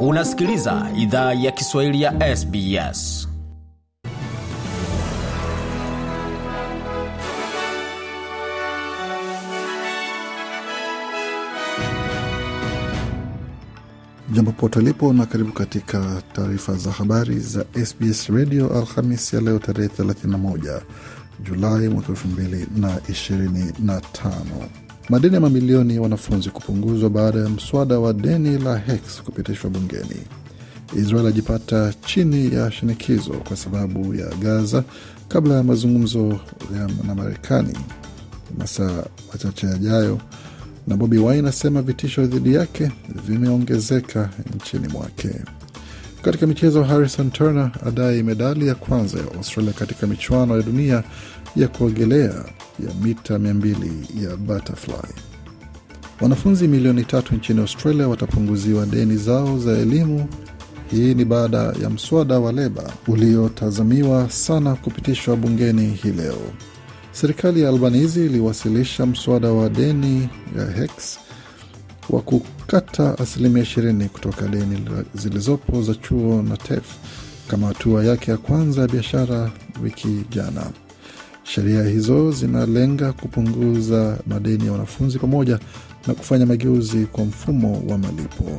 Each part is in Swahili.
Unasikiliza idhaa ya Kiswahili ya SBS. Jambo pote lipo na karibu katika taarifa za habari za SBS Radio Alhamis ya leo tarehe 31 Julai mwaka 2025 madeni ya mamilioni ya wanafunzi kupunguzwa baada ya mswada wa deni la HEKS kupitishwa bungeni. Israel ajipata chini ya shinikizo kwa sababu ya Gaza kabla ya mazungumzo na Marekani masaa machache yajayo, na Bobi Wine asema vitisho dhidi yake vimeongezeka nchini mwake. Katika michezo, Harrison Turner adai medali ya kwanza ya Australia katika michuano ya dunia ya kuogelea ya mita 200 ya butterfly. Wanafunzi milioni tatu nchini Australia watapunguziwa deni zao za elimu. Hii ni baada ya mswada wa leba uliotazamiwa sana kupitishwa bungeni hii leo. Serikali ya Albanizi iliwasilisha mswada wa deni ya HEKS wa kukata asilimia ishirini kutoka deni zilizopo za chuo na TEF kama hatua yake ya kwanza ya biashara wiki jana. Sheria hizo zinalenga kupunguza madeni ya wanafunzi pamoja na kufanya mageuzi kwa mfumo wa malipo.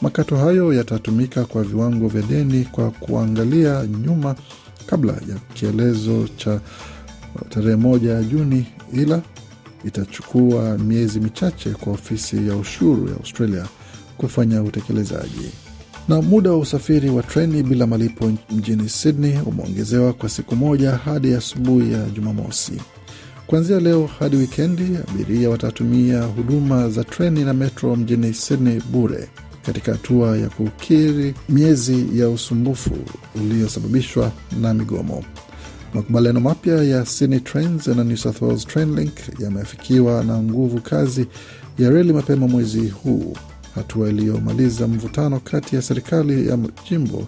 Makato hayo yatatumika kwa viwango vya deni kwa kuangalia nyuma kabla ya kielezo cha tarehe moja ya Juni, ila itachukua miezi michache kwa ofisi ya ushuru ya Australia kufanya utekelezaji. Na muda wa usafiri wa treni bila malipo mjini Sydney umeongezewa kwa siku moja hadi asubuhi ya, ya Jumamosi. Kuanzia leo hadi wikendi, abiria watatumia huduma za treni na metro mjini Sydney bure katika hatua ya kukiri miezi ya usumbufu uliosababishwa na migomo. Makubaliano mapya ya Sydney Trains na New South Wales Trainlink yameafikiwa na nguvu kazi ya reli mapema mwezi huu, hatua iliyomaliza mvutano kati ya serikali ya jimbo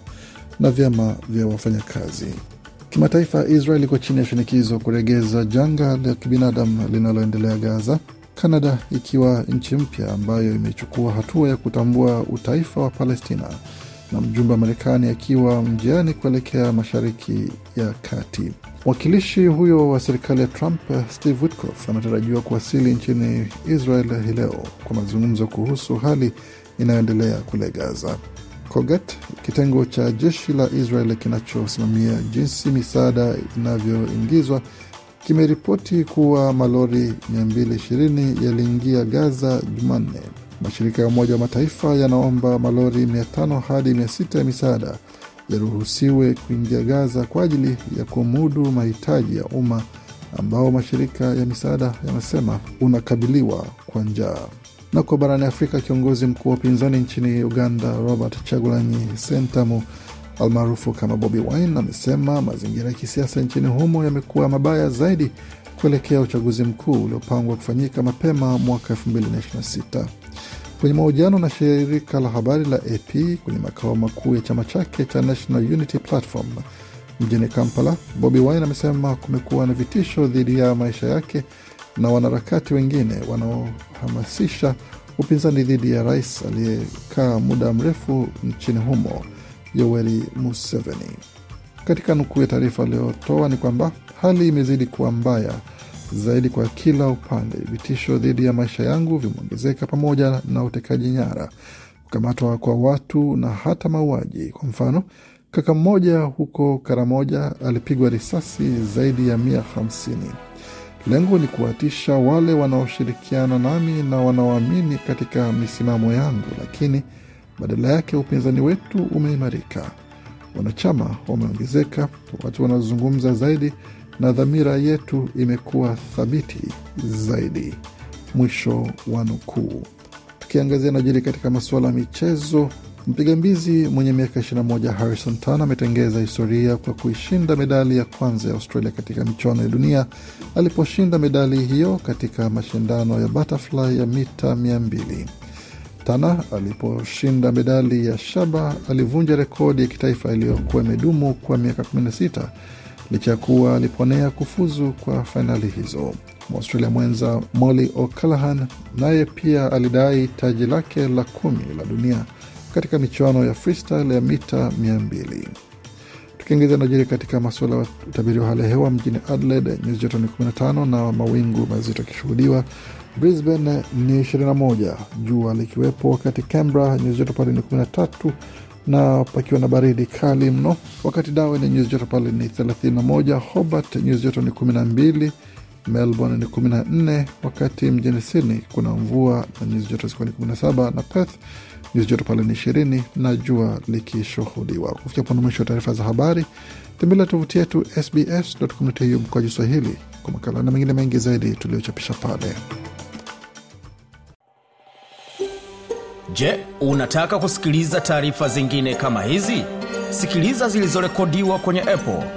na vyama vya wafanyakazi. Kimataifa, Israel iko chini ya shinikizo kuregeza janga la kibinadamu linaloendelea Gaza, Kanada ikiwa nchi mpya ambayo imechukua hatua ya kutambua utaifa wa Palestina na mjumbe wa Marekani akiwa mjiani kuelekea mashariki ya kati. Mwakilishi huyo wa serikali ya Trump, Steve Witkoff, anatarajiwa kuwasili nchini Israel hii leo kwa mazungumzo kuhusu hali inayoendelea kule Gaza. COGAT, kitengo cha jeshi la Israel kinachosimamia jinsi misaada inavyoingizwa, kimeripoti kuwa malori 220 yaliingia Gaza Jumanne Mashirika ya Umoja wa Mataifa yanaomba malori 500 hadi 600 ya misaada yaruhusiwe kuingia Gaza kwa ajili ya kumudu mahitaji ya umma ambao mashirika ya misaada yanasema unakabiliwa kwa njaa. Na kwa barani Afrika, kiongozi mkuu wa upinzani nchini Uganda Robert Chagulanyi Sentamu almaarufu kama Bobi Wine amesema mazingira ya kisiasa nchini humo yamekuwa mabaya zaidi kuelekea uchaguzi mkuu uliopangwa kufanyika mapema mwaka 2026. Kwenye mahojiano na shirika la habari la AP kwenye makao makuu ya chama chake cha National Unity Platform mjini Kampala, Bobi Wine amesema kumekuwa na vitisho dhidi ya maisha yake na wanaharakati wengine wanaohamasisha upinzani dhidi ya rais aliyekaa muda mrefu nchini humo Yoweri Museveni. Katika nukuu ya taarifa aliyotoa ni kwamba hali imezidi kuwa mbaya zaidi kwa kila upande. Vitisho dhidi ya maisha yangu vimeongezeka pamoja na utekaji nyara, kukamatwa kwa watu na hata mauaji. Kwa mfano, kaka mmoja huko Karamoja alipigwa risasi zaidi ya mia hamsini. Lengo ni kuwatisha wale wanaoshirikiana nami na wanaoamini katika misimamo yangu, lakini badala yake upinzani wetu umeimarika wanachama wameongezeka, wakati wanazungumza zaidi na dhamira yetu imekuwa thabiti zaidi. Mwisho wa nukuu. Tukiangazia najili katika masuala ya michezo, mpiga mbizi mwenye miaka 21 Harrison Tan ametengeza historia kwa kuishinda medali ya kwanza ya Australia katika michuano ya dunia aliposhinda medali hiyo katika mashindano ya butterfly ya mita 200. Tana aliposhinda medali ya shaba alivunja rekodi ya kitaifa iliyokuwa imedumu kwa miaka 16 licha ya kuwa aliponea kufuzu kwa fainali hizo. Mwaustralia mwenza Molly O'Callaghan naye pia alidai taji lake la kumi la dunia katika michuano ya freestyle ya mita 200. Tukiingiza najiri katika masuala ya utabiri wa hali ya hewa mjini Adelaide, nyuzi joto ni 15 na mawingu mazito yakishuhudiwa. Brisbane ni 21 jua likiwepo, wakati Canberra nyuzi joto pale ni 13 na pakiwa na baridi kali mno, wakati Darwin nyuzi joto pale ni 31, Hobart nyuzi joto ni 12 Melbourne ni 14, wakati mjini Sydney kuna mvua na nyuzi joto zikiwa ni 17 na Perth nyuzi joto pale ni 20 na jua likishuhudiwa. Kufikia pona mwisho wa taarifa za habari, tembelea tovuti yetu sbs.com.au mkoaji Swahili kwa makala na mengine mengi zaidi tuliochapisha pale. Je, unataka kusikiliza taarifa zingine kama hizi? Sikiliza zilizorekodiwa kwenye Apple,